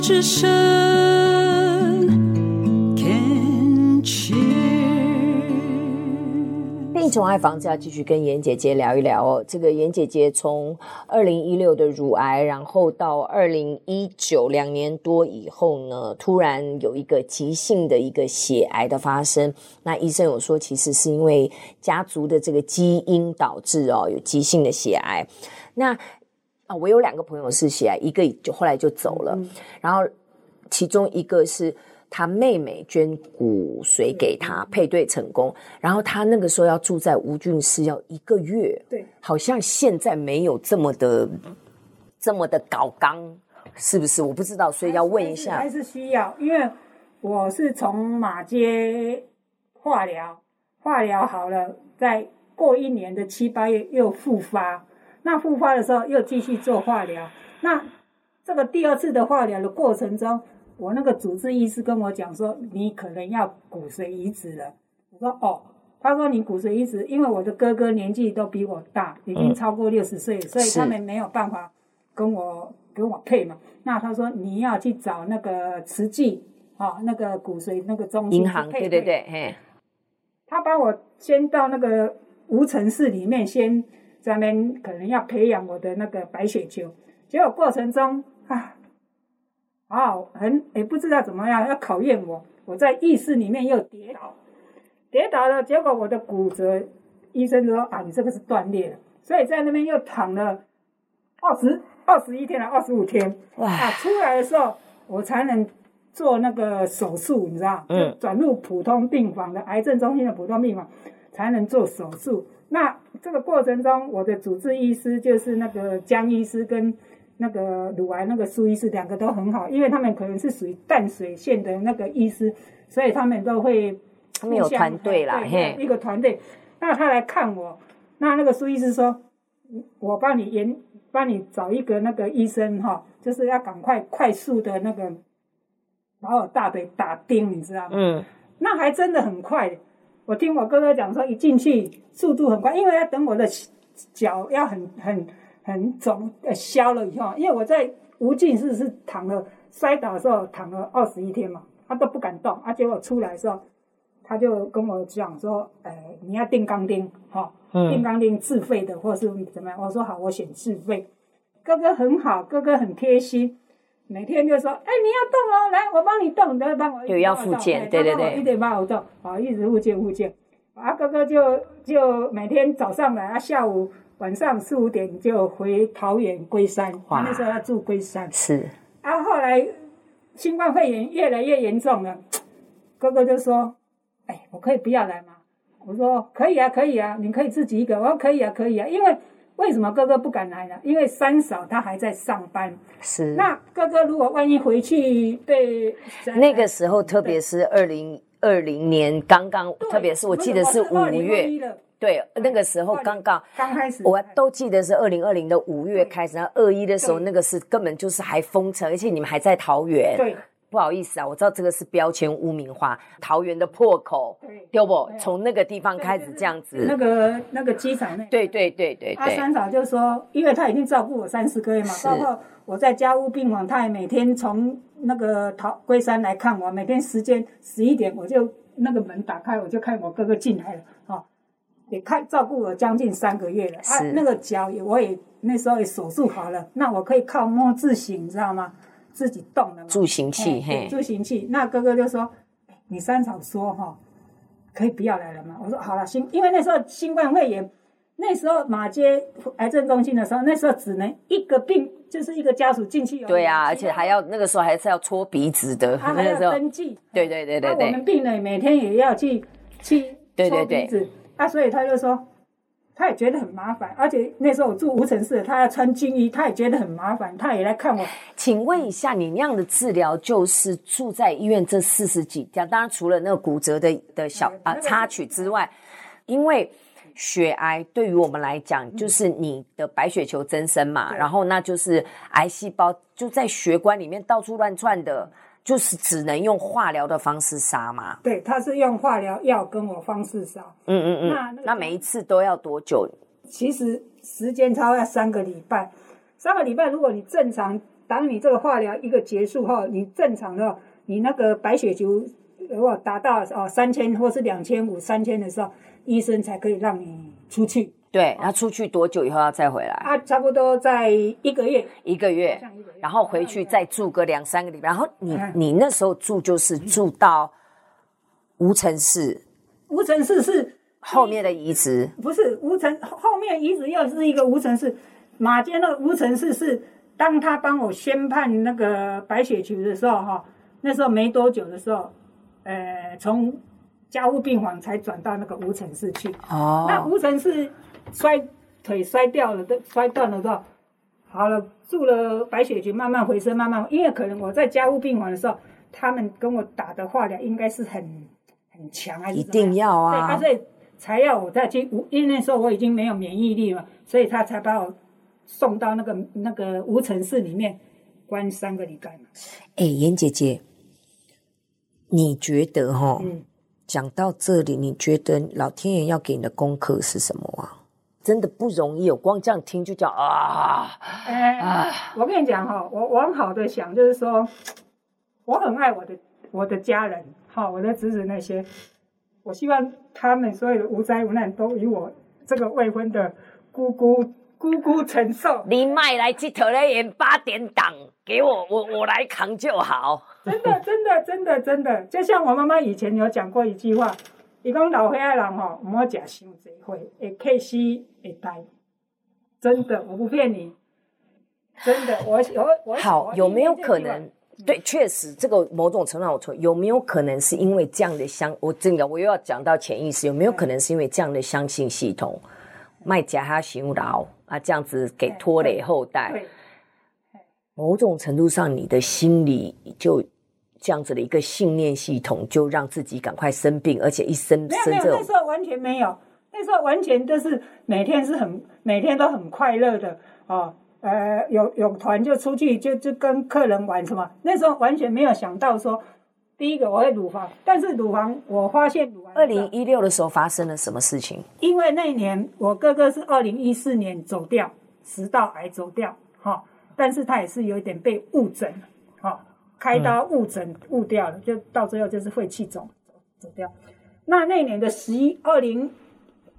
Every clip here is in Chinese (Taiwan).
之身。你蟲愛房子要繼續跟妍姐姐聊一聊哦。這個妍姐姐從二零一六的乳癌，然後到二零一九兩年多以後呢，突然有一個急性的一個血癌的發生。那醫生有說，其實是因為家族的這個基因導致哦，有急性的血癌。那啊，我有兩個朋友是血癌，一個就後來就走了，嗯、然後其中一個是他妹妹捐骨髓給他，對，配對成功，然後他那個時候要住在無菌室要一個月，對，好像現在沒有這麼的，嗯、這麼的搞剛，是不是？我不知道，所以要問一下。還是需要，因為我是從馬街化療，化療好了，再過一年的七八月又復發。那復發的時候又繼續做化療，那這個第二次的化療的過程中，我那個主治醫師跟我講說，你可能要骨髓移植了。我說哦，他說你骨髓移植，因為我的哥哥年紀都比我大，已經超過六十歲，所以他們沒有辦法跟我跟我配嘛。那他說你要去找那個慈濟啊、哦，那個骨髓那個中心配對，銀行對對對，他把我先到那個無塵室裡面先。在那邊可能要培養我的那個白血球，結果過程中啊，哦、啊，很也、欸、不知道怎麼樣要考驗我，我在意識裡面又跌倒，跌倒了，結果我的骨折，醫生說啊，你這個是斷裂了。所以在那邊又躺了二十二十一天到二十五天，哇啊，出來的時候我才能做那個手術，你知道？嗯，轉入普通病房的癌症中心的普通病房才能做手術。那這個過程中，我的主治醫師就是那個江醫師跟那個乳癌那個蘇醫師，兩個都很好，因為他們可能是屬於淡水線的那個醫師，所以他們都會向。他們有團隊啦，對嘿，一個團隊。那他來看我，那那個蘇醫師說：“我幫你研，幫你找一個那個醫生哈，就是要趕快快速的那個，把我大腿打釘，你知道嗎？”嗯。那還真的很快。我聽我哥哥講說，一進去速度很快，因為要等我的腳要很很很腫呃消了以後，因為我在無菌室是躺了摔倒的時候躺了二十一天嘛，他、啊、都不敢動，啊，結果出來的時候，他就跟我講說，哎，你要釘鋼釘哈，哦嗯、釘鋼釘自費的或是怎麼樣？我說好，我選自費。哥哥很好，哥哥很貼心。每天就說：“哎、欸，你要動哦，來，我幫你動，然後幫我，又要復健，對對對，一點幫我動，好，一直復健復健。啊，哥哥就就每天早上來，啊，下午晚上四五點就回桃園龜山，哇那時候要住龜山。是。啊，後來新冠肺炎越來越嚴重了，哥哥就說：“哎，我可以不要來嗎？”我說：“可以啊，可以啊，你可以自己一個。”我說：“可以啊，可以啊，因為。”為什麼哥哥不敢來呢？因為三嫂她還在上班。是。那哥哥如果萬一回去，對。那個時候特別是二零二零年剛剛，對特別是我記得是五月，對，月對那個時候剛剛，20, 剛開始，我都記得是二零二零的五月開始，對然後二一的時候那個是根本就是還封城，而且你們還在桃園。對。不好意思啊，我知道這個是標籤污名化。桃園的破口，丟對不？對啊、從那個地方開始這樣子。那個那個機場內。對對對對，阿三嫂就說，因為他已經照顧我三四個月嘛，是包括我在家屋病房他也每天從那個桃龜山來看我，每天時間十一點我就那個門打開，我就看我哥哥進來了，哈、哦，也看照顧我將近三個月了。是啊、那個腳也我也那時候也手術好了，那我可以靠摸自省，你知道嗎？自己動的嘛，助行器。助行器。那哥哥就說：“你三嫂說哈，可以不要來了嘛。”我說：“好了，新，因為那時候新冠肺炎，那時候馬偕癌症中心的時候，那時候只能一個病，就是一個家屬進去對呀、啊，而且還要那個時候還是要搓鼻子的。他還要登記 時候，對對對對對。那我們病人每天也要去去對對對那、啊、所以他就說。”.他也覺得很麻煩，而且那時候我住無塵室，他要穿菌衣，他也覺得很麻煩，他也來看我。請問一下，你那樣的治療就是住在醫院這四十幾天？當然，除了那個骨折的的小、嗯、啊插曲之外，嗯、因為血癌對於我們來講，嗯、就是你的白血球增生嘛，嗯、然後那就是癌細胞就在血管裡面到處亂竄的。嗯。就是只能用化療的方式殺嗎？對，他是用化療藥跟我方式殺。嗯嗯嗯。那、那個、那每一次都要多久？其實時間差不多要三個禮拜。三個禮拜，如果你正常，當你這個化療一個結束後，你正常的話，你那個白血球如果達到哦三千或是兩千五、三千的時候，醫生才可以讓你出去。對，哦、他出去多久以後要再回來？啊，差不多在一個月，一個月，個月然後回去再住個兩三個禮拜。然後你然後你，你那時候住就是住到無塵室。無塵室是後面的移植，不是無塵後面移植又是一個無塵室。馬偕那個無塵室是當他幫我宣判那個白血球的時候，哈、哦，那時候沒多久的時候，呃，從家務病房才轉到那個無塵室去。哦，那無塵室。摔腿摔掉了，都摔斷了，都。好了，住了白血球，慢慢回升，慢慢。因為可能我在加護病房的時候，他們跟我打的化療應該是很很強、啊，一定要啊？對，啊、所以才要我再去。因為那時候我已經沒有免疫力了，所以他才把我送到那個那個無塵室裡面關三個禮拜嘛。哎、欸，顏姐姐，你覺得哈？嗯。講到這裡，你覺得老天爺要給你的功課是什麼？真的不容易，有光這樣聽就叫啊！欸、啊我跟你講哈、喔，我往很好的想，就是說，我很愛我的我的家人，好，我的侄子那些，我希望他們所有的無災無難都由我這個未婚的姑姑姑姑承受。你賣來乞討的鹽八點檔，給我，我我來扛就好。真的，真的，真的，真的，就像我媽媽以前有講過一句話。伊講老歲仔人唔好食真的，我不騙你，真的。我我，我好有沒有可能？嗯、對，確實這個某種程度有錯。有沒有可能是因為這樣的相？我真的我又要講到潛意識，有沒有可能是因為這樣的相信系統，賣家他啊，這樣子給拖累後代。某種程度上，你的心理就。這樣子的一個信念系統，就讓自己趕快生病，而且一生沒有生著沒有，那時候完全沒有，那時候完全就是每天是很每天都很快樂的啊、哦，呃，有有團就出去就就跟客人玩什麼，那時候完全沒有想到說，第一個我會乳房，但是乳房我發現二零一六的時候發生了什麼事情？因為那年我哥哥是二零一四年走掉，食道癌走掉，哈、哦，但是他也是有一點被誤診，哈、哦。開、嗯、刀誤診誤掉了，就到最後就是肺氣腫走掉。那那年的十一二零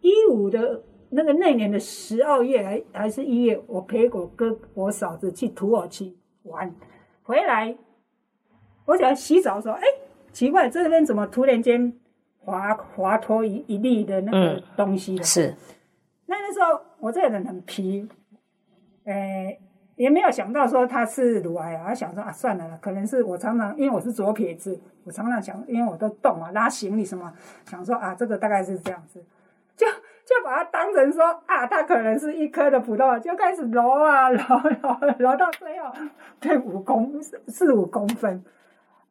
一五的那個那年的十二月還還是一月，我陪我哥我嫂子去土耳其玩，回來，我想洗澡的時候，哎、欸，奇怪，這邊怎麼突然間滑滑脫一一粒的那個東西了？嗯、是。那那時候我這人很皮，哎、欸。也沒有想到說它是乳癌啊，他想說啊，算了啦，可能是我常常因為我是左撇子，我常常想，因為我都動啊，拉行李什麼，想說啊，這個大概是這樣子，就就把它當成說啊，它可能是一顆的葡萄，就開始揉啊揉揉揉，揉到最後，對五公四五公分，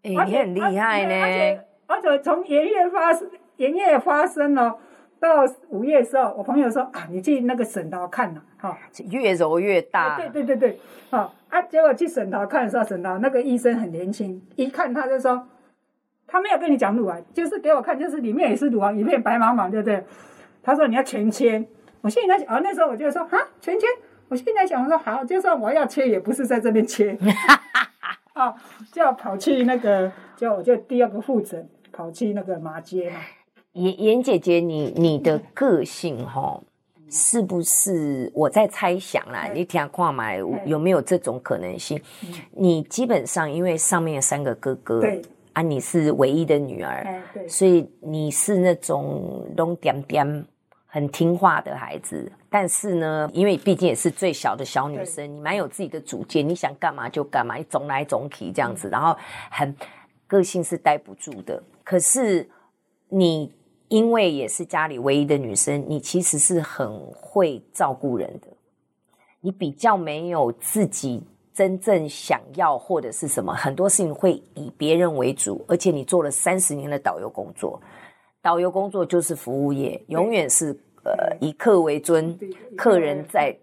欸你很厲害欸，而且很厲害呢，而且從爺爺發生爺爺發生了。到午夜的時候，我朋友說：“啊，你去那個省桃看了，啊，哈、哦，越揉越大。啊”對對對對，好、哦、啊。結果去省桃看的時候，省桃那個醫生很年輕，一看他就說：“他沒有跟你講乳癌，就是給我看，就是裡面也是乳癌，裡面白茫茫，對不對？”他說：“你要全切。”我現在想，啊，那時候我就說：“哈、啊，全切。”我現在想，我說：“好，就算我要切，也不是在這邊切。”哦、 啊，就跑去那個，就我就第二個複診，跑去那個馬偕嘛。顏顏姐姐你，你你的個性哈、喔，嗯、是不是我在猜想啦？嗯、你聽看覓，嗯、有沒有這種可能性？嗯、你基本上因為上面有三個哥哥，對、嗯、啊，你是唯一的女兒，嗯、所以你是那種龍、嗯、點點很聽話的孩子。但是呢，因為畢竟也是最小的小女生，嗯、你蠻有自己的主見，你想幹嘛就幹嘛，你總來總體這樣子，然後很個性是待不住的。可是你。因為也是家裡唯一的女生，你其實是很會照顧人的，你比較沒有自己真正想要或者是什麼，很多事情會以別人為主。而且你做了三十年的導遊工作，導遊工作就是服務業，永遠是對呃對以客為尊，客人在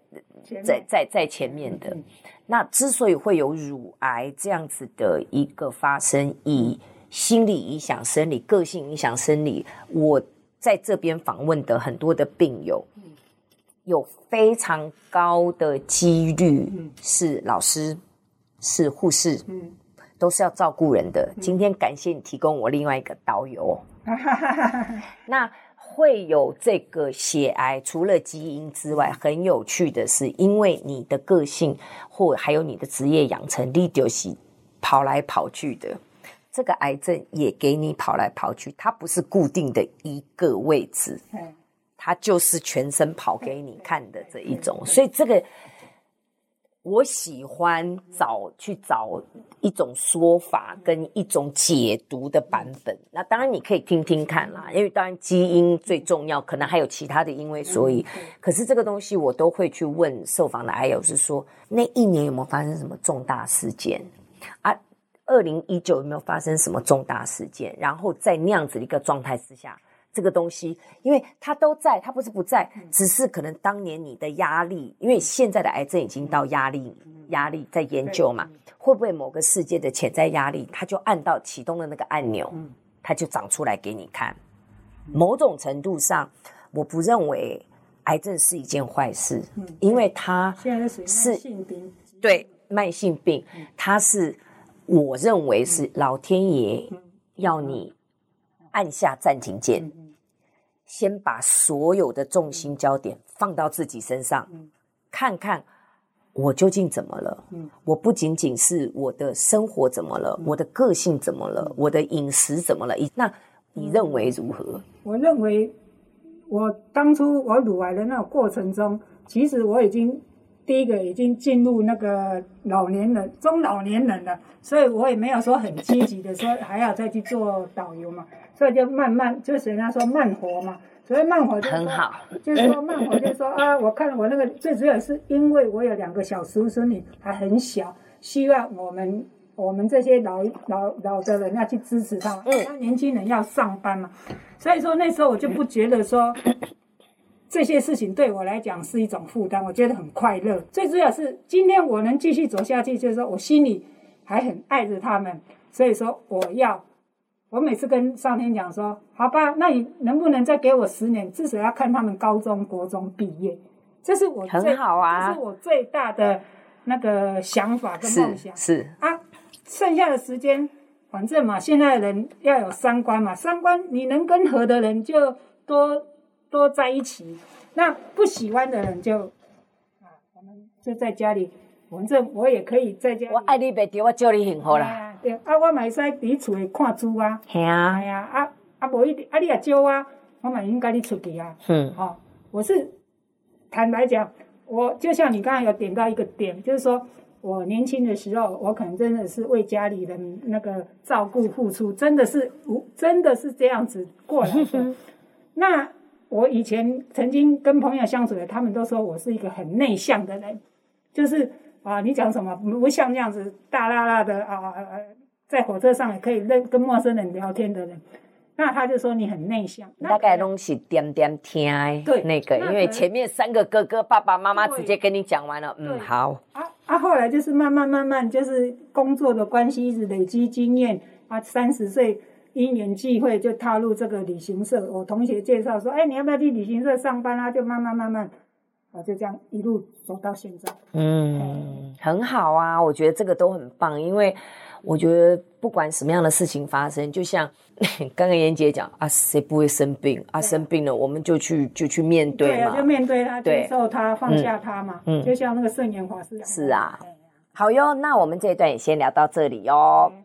前面在在在前面的。嗯嗯，那之所以會有乳癌這樣子的一個發生，以心理影響生理，個性影響生理。我在這邊訪問的很多的病友，嗯、有非常高的幾率、嗯、是老師，是護士，嗯、都是要照顧人的。嗯、今天感謝你提供我另外一個導遊。 那會有這個血癌，除了基因之外，很有趣的是，因為你的個性或還有你的職業養成，你就是跑來跑去的。這個癌症也給你跑來跑去，它不是固定的一個位置，它就是全身跑給你看的這一種。所以這個，我喜歡找去找一種說法跟一種解讀的版本。那當然你可以聽聽看啦，因為當然基因最重要，可能還有其他的，因為所以，可是這個東西我都會去問受訪的癌友，是說那一年有沒有發生什麼重大事件啊？二零一九有沒有發生什麼重大事件？然後在那樣子一個狀態之下，這個東西，因為它都在，它不是不在，只是可能當年你的壓力，因為現在的癌症已經到壓力，壓力在研究嘛，會不會某個世界的潛在壓力，它就按到啟動的那個按鈕，它就長出來給你看。某種程度上，我不認為癌症是一件壞事，因為它是，對，慢性病，它是。我認為是老天爺要你按下暫停鍵，先把所有的重心焦點放到自己身上，看看我究竟怎麼了。我不僅僅是我的生活怎麼了，我的個性怎麼了，我的飲食怎麼了？那你認為如何？我認為，我當初我乳癌的那個過程中，其實我已經。第一個已經進入那個老年人、中老年人了，所以我也沒有說很積極的說還要再去做導遊嘛，所以就慢慢就是人家說慢活嘛，所以慢活就很好，就是說慢活就是說、欸、啊，我看了我那個最主要是因為我有兩個小叔孫女還很小，希望我們我們這些老老老的人要去支持他，嗯，啊、年輕人要上班嘛，所以說那時候我就不覺得說。嗯這些事情對我來講是一種負擔，我覺得很快樂。最主要是今天我能繼續走下去，就是說我心裡還很愛着他們，所以說我要。我每次跟上天講說：“好吧，那你能不能再給我十年？至少要看他們高中國中畢業。”這是我最，很好啊，這是我最大的那個想法跟夢想。是，是啊。剩下的時間，反正嘛，現在的人要有三觀嘛，三觀你能跟合的人就多。多在一起，那不喜歡的人就，啊，我們就在家裡。反正我也可以在家。我愛你別丟，我教你很好啦。啊對啊，我嘛會使在厝裡看豬啊。嘿哎呀，啊啊，不一定啊，你啊招我，我嘛應該你出去啊。嗯是。好，哦。我是坦白講，我就像你剛才有點到一個點，就是說我年輕的時候，我可能真的是為家裡人那個照顧付出，真的是真的是這樣子過來的。是那。我以前曾經跟朋友相處的，他們都說我是一個很內向的人，就是啊，你講什麼不像那樣子大喇喇的啊，在火車上也可以跟陌生人聊天的人，那他就說你很內向。大概都是點點聽，對，那個，因為前面三個哥哥對爸爸媽媽直接跟你講完了，對嗯，好。啊啊，啊後來就是慢慢慢慢，就是工作的關係一直累積經驗啊，三十歲。因緣際會就踏入這個旅行社，我同學介紹說：“哎、欸，你要不要去旅行社上班啊？」就慢慢慢慢，啊，就這樣一路走到現在。嗯，嗯，很好啊，我覺得這個都很棒，因為我覺得不管什麼樣的事情發生，嗯、就像剛剛顏姐講啊，誰不會生病啊？啊？生病了我們就去就去面對嘛，對啊、就面對他，對，接受他，嗯、放下他嘛。嗯，就像那個聖嚴法師講的。是啊，嗯、好喲，那我們這一段也先聊到這裡喲、哦。嗯